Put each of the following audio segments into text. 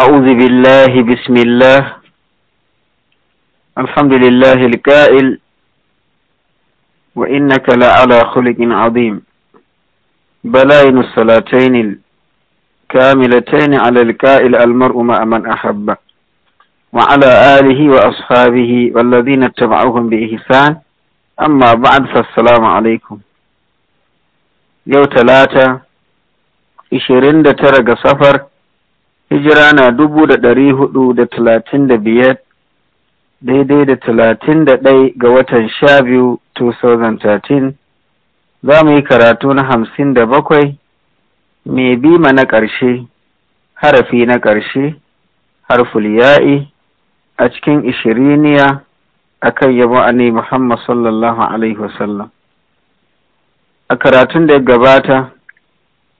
أعوذ بالله بسم الله الحمد لله الكائل وإنك لعلى خلق عظيم بلاين الصلاتين الكاملتين على الكائل المرء مع من أحب وعلى آله وأصحابه والذين اتبعوهم بإحسان أما بعد فالسلام عليكم يوم ثلاثة 29 ga safar hijira na dubu da ɗari hudu da talatin da biyar daidai da talatin da ɗai ga watan sha biyu 2013 za mu yi karatu na hamsin da bakwai mai bima na ƙarshe harafi na ƙarshe harful ya'i a cikin ishiriniya a kan yabo muhammad sallallahu alaihi wasallam a karatun da ya gabata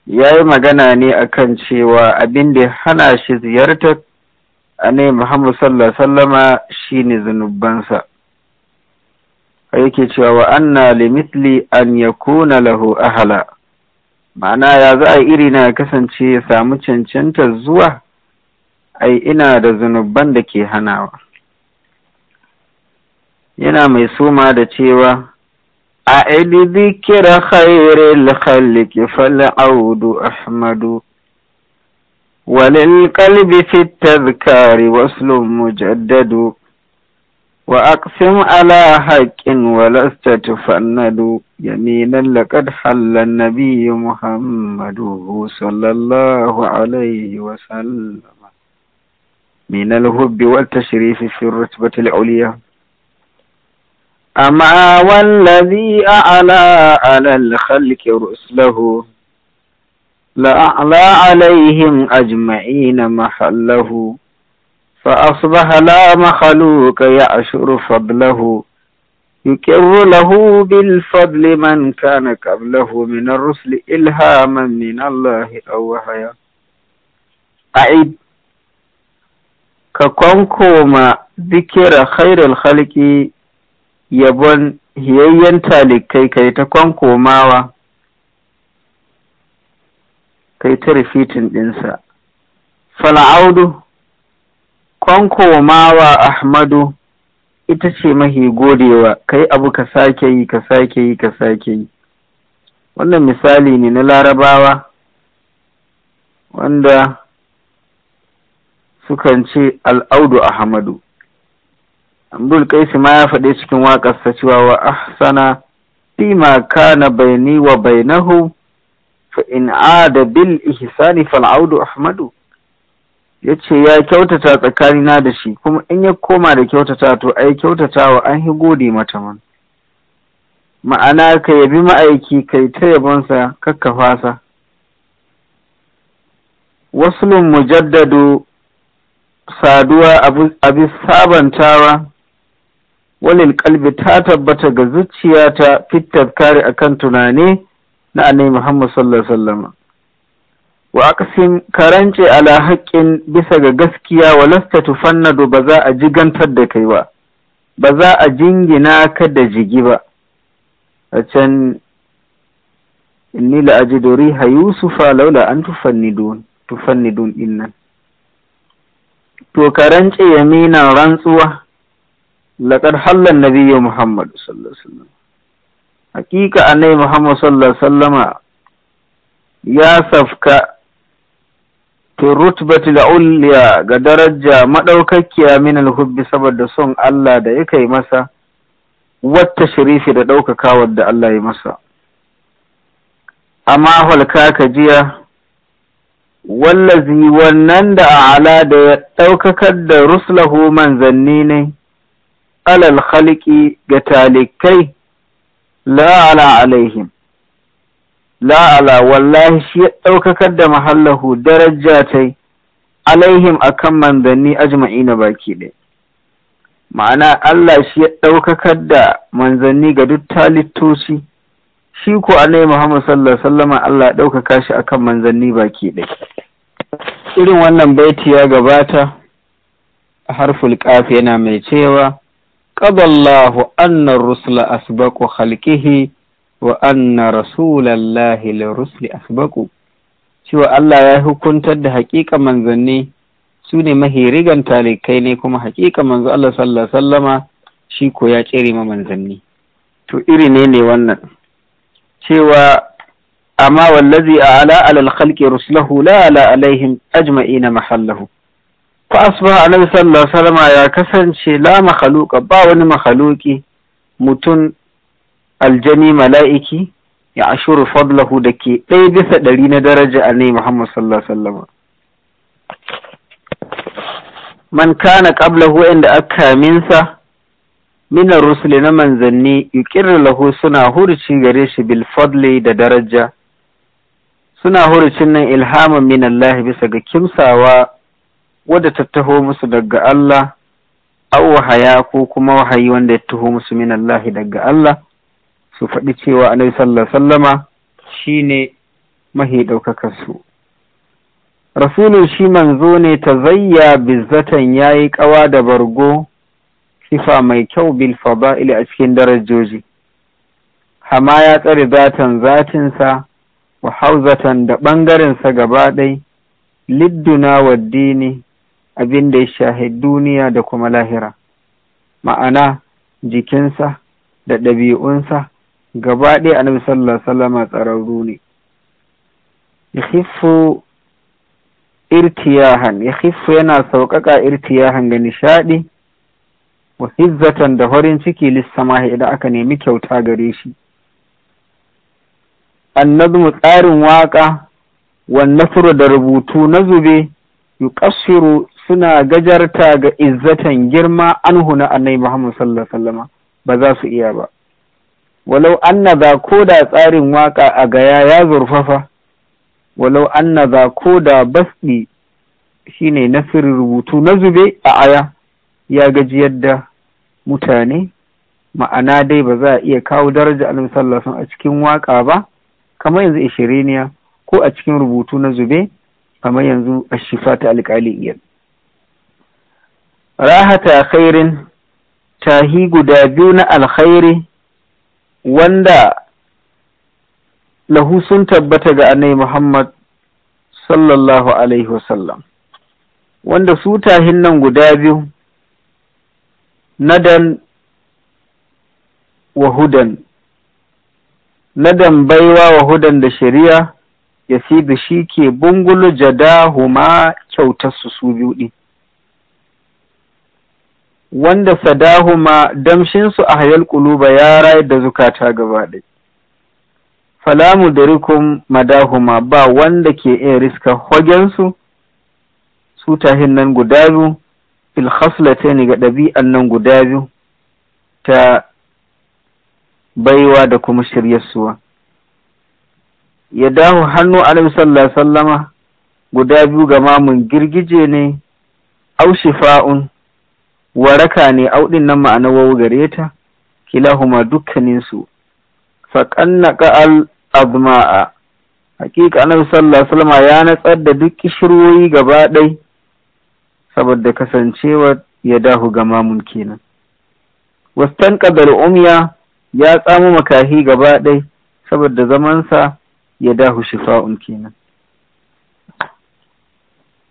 ya yi magana ne akan cewa abin da hana shi ziyartar annabi Muhammad sallallahu alaihi wasallama shine zunubansa yake cewa wa anna limithli an yakuna lahu ahala ma'ana ya za a iri na kasance ya samu cancanta zuwa ai ina da zunubban da ke hanawa yana mai suma da cewa أعد ذكر خير الخلق فالعود أحمد وللقلب في التذكار وصل مجدد وأقسم على حق ولست تفند يمينا لقد حل النبي محمد صلى الله عليه وسلم من الهب والتشريف في الرتبة العليا أما والذي أعلى على الخلق رسله لأعلى عليهم أجمعين محله فأصبح لا مخلوق يعشر فضله يكر له بالفضل من كان قبله من الرسل إلهاما من الله أو وحيا أعيد ككونكوما ذكر خير الخلق yabon hiyayyen talikai kai ta kwankomawa kai ta rifitin ɗinsa fala'audu kwankomawa ahmadu ita ce mahi godewa kai abu ka sake yi ka sake yi ka sake yi wannan misali ne na larabawa wanda sukan ce al'audu ahmadu Abdul Kaisi ma ya faɗi cikin waƙarsa cewa wa ahsana ma kana baini wa bainahu fa in ada bil ihsani fal audu ahmadu yace ya kyautata tsakanina da shi kuma in ya koma da kyautata to ai kyautatawa an hi gode mata man ma'ana ka yabi ma'aiki kai ta yabonsa kakka fasa wasulun mujaddadu saduwa abin sabantawa walil kalbi ta tabbata ga zuciya ta fitar kare akan tunani na annabi Muhammad sallallahu alaihi wasallam wa aqsim karance ala haqqin bisa ga gaskiya wa lasta tufannadu ba za a jigantar da kai ba ba za a jingina ka da jigi ba a can inni la ajidu riha yusufa laula an tufannidun tufannidun innan to karance yamina rantsuwa laƙar hallan nabiya Muhammad sallallahu Alaihi wasallam. Hakika annai Muhammad sallallahu Alaihi ya safka turutbati da uliya ga daraja maɗaukakkiya min hubbi saboda son Allah da ya kai masa wata shirifi da ɗaukakawar da Allah ya masa. Amma halka ka jiya wallazi wannan da ala da ya ɗaukakar da ruslahu manzanni ne alal khaliki ga talikai la'ala alaihim la'ala wallahi shi ya ɗaukakar da mahallahu daraja tai alaihim kan manzanni ajma'ina baki ɗaya ma'ana Allah shi ya ɗaukakar da manzanni ga duk talittoci shi ko annabi Muhammad sallallahu alaihi Allah ɗaukaka shi akan manzanni baki ɗaya irin wannan baiti ya gabata a harful yana mai cewa قضى الله أن الرسل أسبق خلقه وأن رسول الله للرسل أسبق cewa Allah ya hukuntar da hakika manzanni su ne mahi rigan talikai ne kuma hakika manzo Allah sallallahu sallama shi ko ya ma manzanni to iri ne ne wannan cewa amma wallazi a ala alal khalqi rusulahu la ala alaihim ajma'ina mahallahu fa asbaha annabi sallallahu alaihi wasallam ya kasance la makhluqa ba wani makhluqi mutum aljani mala'iki ya ashuru fadlahu da ke ɗaya bisa ɗari na daraja annabi Muhammad sallallahu alaihi wasallam man kana qablahu inda aka minsa ar rusuli na manzanni yuqirru lahu suna hurci gare shi bil fadli da daraja suna hurcin nan ilhaman min Allah bisa ga kimsawa wadda ta taho musu daga Allah aw haya ko kuma wahayi wanda ya taho musu min Allah daga Allah su faɗi cewa annabi sallallahu sallama shine mahi ɗaukakar su rasulun shi manzo ne ta zayya bizzatan ya yi ƙawa da bargo sifa mai kyau bil fada'ili a cikin darajoji hama ya tsare zatan zatinsa wa hauzatan da ɓangarensa gaba ɗai lidduna wa dini abin da ya shahi duniya da kuma lahira ma'ana jikinsa da ɗabi'unsa gaba ɗaya annabi sallallahu alaihi tsararru ne Yahifu irtiyahan yana sauƙaƙa irtiyahan ga nishaɗi wa hizzatan da farin ciki lissamahi idan aka nemi kyauta gare shi annazmu tsarin waƙa wan nasru da rubutu na zube yuqassiru suna gajarta ga izzatan girma anhu na annai Muhammad sallallahu alaihi ba za su iya ba walau anna za ko da tsarin waka a gaya ya zurfafa walau anna za ko da basɗi shine sirri rubutu na zube a aya ya gaji yadda mutane ma'ana dai ba za a iya kawo daraja alim sallasun a cikin waka ba kamar yanzu ishiriniya ko a cikin rubutu na zube kamar yanzu a shifa ta alƙali rahata khairin tahi guda biyu na alkhairi wanda lahu sun tabbata ga annai Muhammad sallallahu Alaihi wasallam, wanda su tahin nan guda biyu, nadan wa hudan, nadan baiwa wa hudan da shari'a ya fi da shi ke bungulu jadahuma kyautarsu su biyu ɗin. wanda sadahuma damshinsu a hayal kuluba ya rayar da zukata gaba ɗai. Falamu da rikun madahuma ba wanda ke iya riska hogensu su tahin nan guda biyu, ilhaslata ne ga ɗabi'an nan guda biyu ta baiwa da kuma shiryarsuwa. Ya dahu hannu Alaihi sallah sallama guda biyu ga mamun girgije ne, au waraka ne auɗin nan ma'ana wau gare ta kilahuma dukkaninsu faƙannaka al-azma'a hakika annabi sallallahu alaihi ya natsar da duk kishirwoyi gaba ɗai saboda kasancewa ya dahu ga mamun kenan wastan ƙadar umiya ya tsamo makahi gaba ɗai saboda zamansa ya dahu shifa'un kenan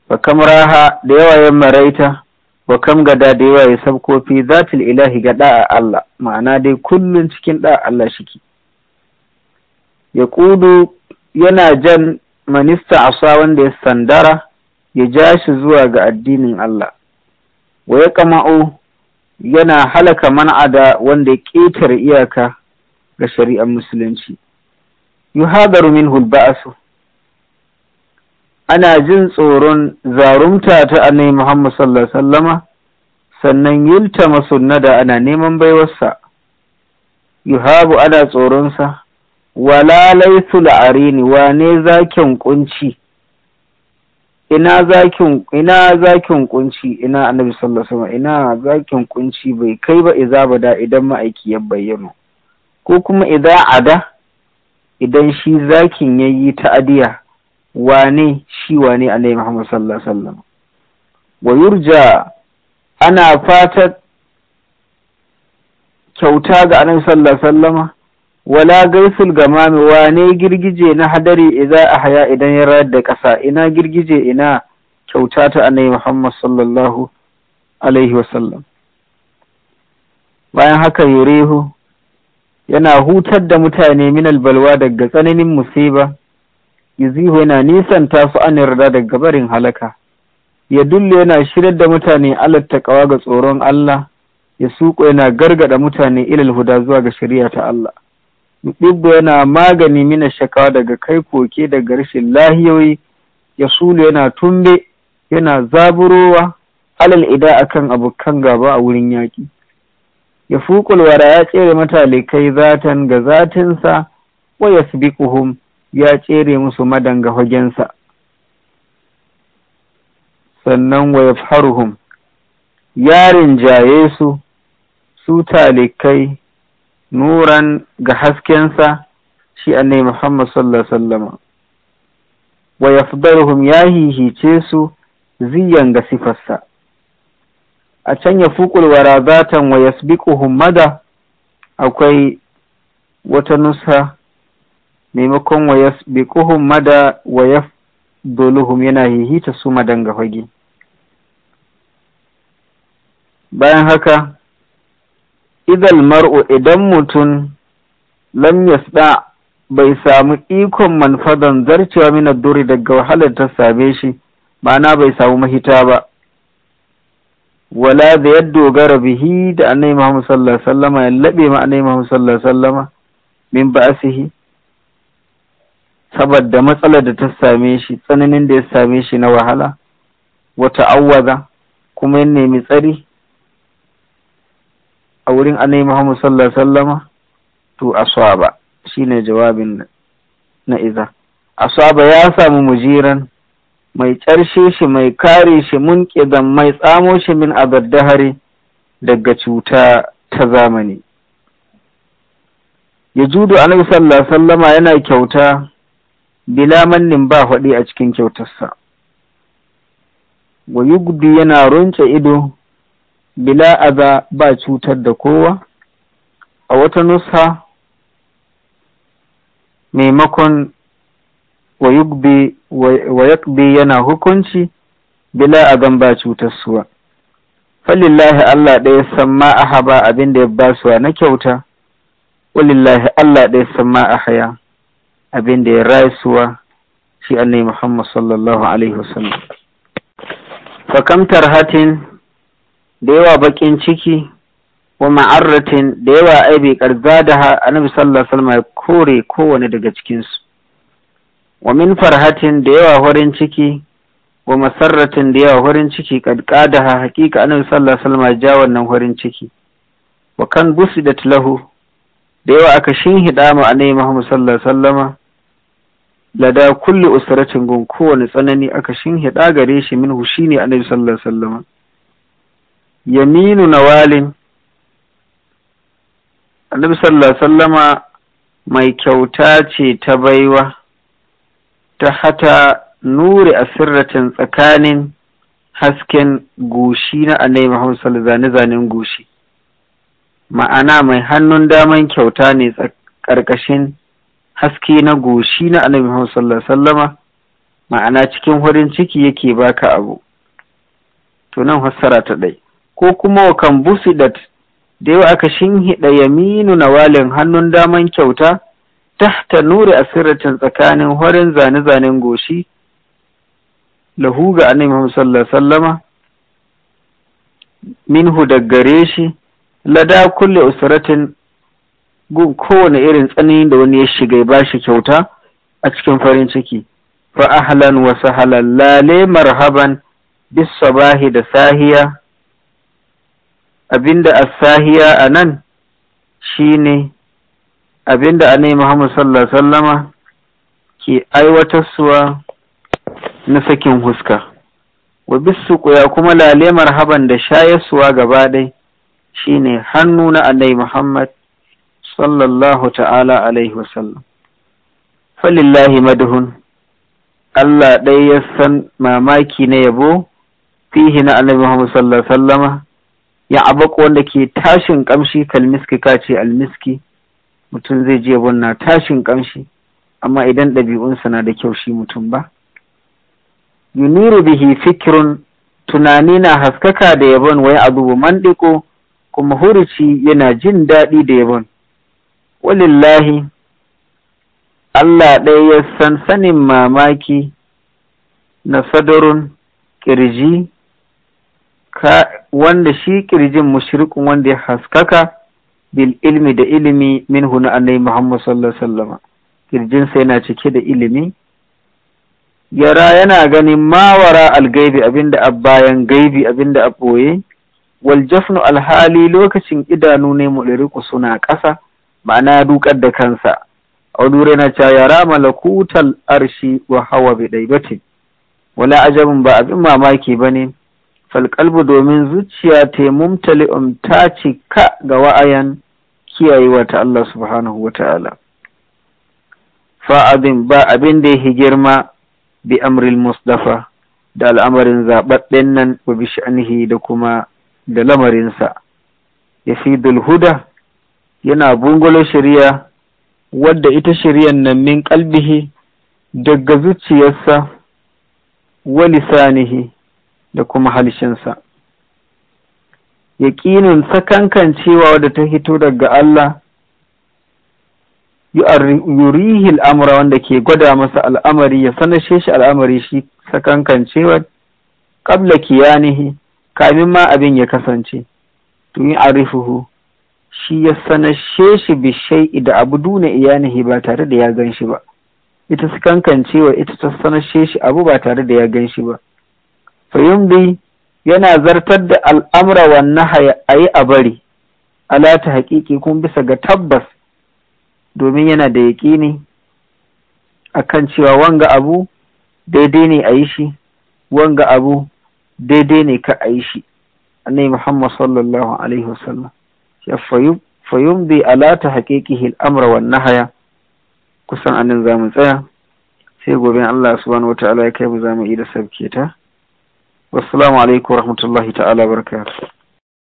fa Raha da yawa yan maraita wa kam gada da yawa ya sabko fi zatul ilahi ga da'a Allah ma'ana dai kullun cikin da'a Allah shiki ya kudu yana jan manista asa wanda ya sandara ya ja shi zuwa ga addinin Allah wa ya kama'u yana halaka man'ada wanda ya ƙetare iyaka ga shari'ar musulunci yuhadaru minhu ba'asu ana jin tsoron zarumta ta annabi Muhammad sallallahu alaihi wasallama sannan yilta masunna da ana neman baiwarsa yuhabu ana tsoronsa wala laisu la'arini wane zakin kunci ina zakin ina zakin kunci ina annabi sallallahu alaihi ina zakin kunci bai kai ba iza da idan ma'aiki ya bayyano ko kuma idan ada idan shi zakin yayi ta'adiya wane shi wane alaihi muhammad sallallahu alaihi wasallam wa yurja ana fatar kyauta ga annabi sallallahu alaihi wasallama wala gaisul gamami wane girgije na hadari idza ahya idan ya rayar da ƙasa ina girgije ina kyauta ta annabi Muhammad sallallahu alaihi wasallam bayan haka yurehu yana hutar da mutane min albalwa daga tsananin musiba yazihu yana nisan tasu an yarda daga barin halaka ya dulle yana shirar da mutane alat taqwa ga tsoron Allah ya suko yana gargada mutane ilal huda zuwa ga shari'a ta Allah Dubbo yana magani mina shakawa daga kai koke daga rashin lahiyoyi ya sulu yana tumbe yana zaburowa alal ida akan abokan gaba a wurin yaƙi ya fuƙul wara ya tsere matalikai zatan ga zatinsa wa yasbiquhum ya tsere musu madanga hagensa sannan wa yafharuhum yarin jaye su su talikai nuran ga haskensa shi annai Muhammad sallallahu alaihi wasallam wa yafdaruhum ya hihice su ziyan ga sifarsa a can ya fuƙul wa wa yasbiquhum mada akwai wata nusa maimakon wa yasbiquhum mada wa yafduluhum yana hihita su madan ga fage bayan haka idan mar'u idan mutum lam yasda bai samu ikon manfadan zarcewa mina duri daga wahalar ta same shi ma'ana bai samu mahita ba wala da ya dogara bihi da annai Muhammad sallallahu alaihi ya labe ma annai Muhammad sallallahu alaihi wasallama min ba'asihi saboda matsalar da ta same shi tsananin da ya same shi na wahala wata awwaza kuma ya nemi tsari a wurin annabi Muhammad sallallahu alaihi wasallama to shi shine jawabin na iza Aswaba ya samu mujiran mai ƙarshe shi mai kare shi mun mai tsamo shi min abaddahari daga cuta ta zamani ya judo alaihi sallallahu alaihi wasallama yana kyauta bila mannin ba faɗi a cikin kyautarsa wa yana runce ido bila aza ba cutar da kowa a wata nusa maimakon wa yugbi yana hukunci bila azan ba cutarsuwa falillahi Allah ɗaya san ma a haba abin da ya basuwa na kyauta walillahi Allah ɗaya san ma a haya abin da ya rasuwa shi annai Muhammad sallallahu alaihi wasallam fakamtar hatin da yawa bakin ciki wa ma'arratin da yawa aibi karza da annabi sallallahu alaihi wasallam ya kore kowane daga cikinsu wa min farhatin da yawa horin ciki wa masarratin da yawa horin ciki kadkada ha hakika annabi sallallahu alaihi wasallam ja wannan horin ciki wa kan da lahu da yawa aka shinhida mu annabi Muhammad sallallahu alaihi wasallama lada kulli usratin gun kowane tsanani aka shin hida gare shi min minhu ne a sallallahu alaihi wasallam yaminu nawalin annabi sallallahu alaihi Sallama mai kyauta ce ta baiwa ta hata nuri asirratin tsakanin hasken gushi na annabi Muhammad sallallahu alaihi zane-zanen gushi, ma'ana mai hannun daman kyauta ne ƙarƙashin haske na goshi na annabi Muhammad sallallahu alaihi wasallama ma'ana cikin farin ciki yake baka abu to nan fassara ta dai ko kuma wa kan busidat da yawa aka shinhiɗa yaminu na walin hannun daman kyauta tahta nuri asiratin tsakanin horin zane-zanen goshi lahu ga annabi Muhammad sallallahu wasallama minhu daggare shi lada kulle usratin gun kowane irin tsanani da wani ya shiga ba shi kyauta a cikin farin ciki fa ahlan wa sahlan lale marhaban bis sabahi da sahiya abinda as-sahiya anan shine abinda annabi Muhammad sallallahu alaihi wasallama ke aiwatarsuwa na sakin huska wa ya kuma lale marhaban da shayarsuwa gaba ɗaya shine hannu na annabi Muhammad Sallallahu ta'ala, تعالى عليه وسلم فلله Allah ɗaya ya san mamaki na yabo fihi na annabi Muhammad sallallahu alaihi wasallama ya abaku wanda ke tashin kamshi kalmiski ka ce almiski mutum zai je yabon na tashin kamshi amma idan ɗabi'unsa na da kyau shi mutum ba yuniru bihi fikirun tunani na haskaka da yabon wai abubu mandiko kuma hurici yana jin daɗi da yabon walillahi Allah ɗaya ya san sanin mamaki na sadarun ƙirji wanda shi ƙirjin mushrikun wanda ya haskaka bil ilmi da ilimi min huna annai Muhammad sallallahu alaihi ƙirjinsa yana cike da ilimi yara yana ganin mawara algaibi abinda a bayan gaibi abinda a ɓoye waljafnu alhali lokacin idanu ne muliriku suna ƙasa ma'ana ya dukar da kansa a wani na cewa yara malakutal arshi wa hawa bidaibatin wala ajabin ba abin mamaki ba ne falkalbu domin zuciya ta mumtali ta cika ga wa'ayan kiyayewa ta Allah subhanahu wa ta'ala abin ba abin da yake girma bi amril mustafa da al'amarin zaɓaɓɓen nan wa bi da kuma da lamarinsa ya fi dulhuda. yana bungalo shari'a wadda ita shari'an nan min kalbihi daga zuciyarsa wa lisanihi da kuma halshinsa yaƙinin cewa wadda ta hito daga Allah yurihi al'amura wanda ke gwada masa al'amari ya sanashe shi al'amari shi sakankancewa ƙabla kiyanihi kamin ma abin ya kasance tun yi arifuhu shi ya sanashe shi bishai da abu duna iyanihi ba tare da ya gan shi ba ita su kankancewa ita ta sanashe shi abu ba tare da ya gan shi ba fayumbi yana zartar da al'amura wannan a yi a bari alata haƙiƙi kun bisa ga tabbas domin yana da yaƙi yaƙini akan cewa wanga abu daidai ne a yi shi wanga abu daidai ne ka a yi shi annai muhammad sallallahu alaihi wasallam fayumdi ala ta haƙiƙihi al'amura wa nahaya kusan anin za mu tsaya sai gobe Allah subhanahu wataala ya kai mu za mu yi da sabke ta wasu alaikum rahmatullahi ta'ala barakatuh